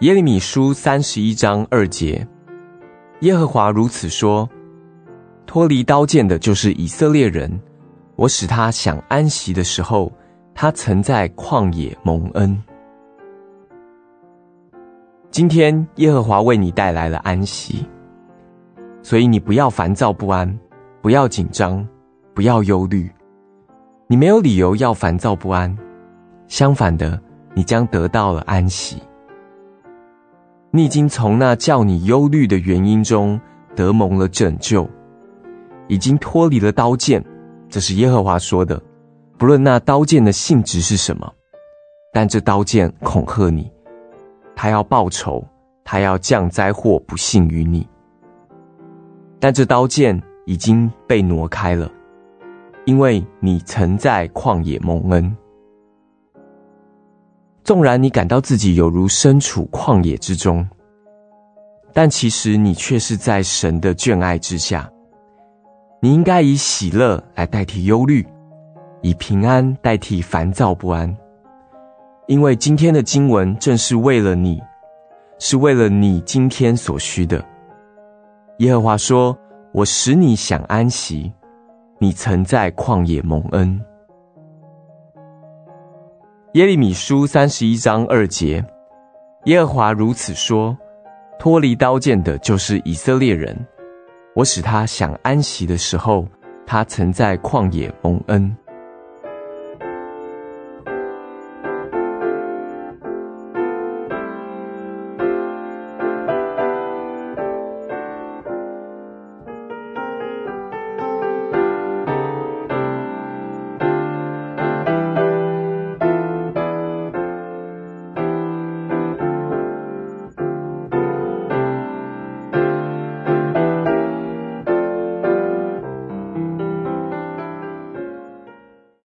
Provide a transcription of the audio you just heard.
耶利米書三十一章二節，耶和華如此說：“脫離刀劍的就是以色列人，我使他享安息的時候，他曾在曠野蒙恩。今天耶和華為你帶來了安息，所以你不要煩躁不安，不要緊張，不要憂慮。你沒有理由要煩躁不安，相反的，你將得到了安息。”你已經從那叫你憂慮的原因中得蒙了拯救，已經脫離了刀劍。這是耶和華說的。不論那刀劍的性質是什麼，但這刀劍恐嚇你，他要報仇，他要降災禍不幸於你。但這刀劍已經被挪開了，因為你曾在曠野蒙恩。縱然你感到自己有如身處曠野之中，但其實你卻是在神的眷愛之下。你應該以喜樂來代替憂慮，以平安代替煩躁不安，因為今天的經文正是為了你，是為了你今天所需的。耶和華說：“我使你享安息，你曾在曠野蒙恩。”耶利米書三十一章二節，耶和華如此說：脫離刀劍的，就是以色列人。我使他想安息的時候，他曾在曠野蒙恩。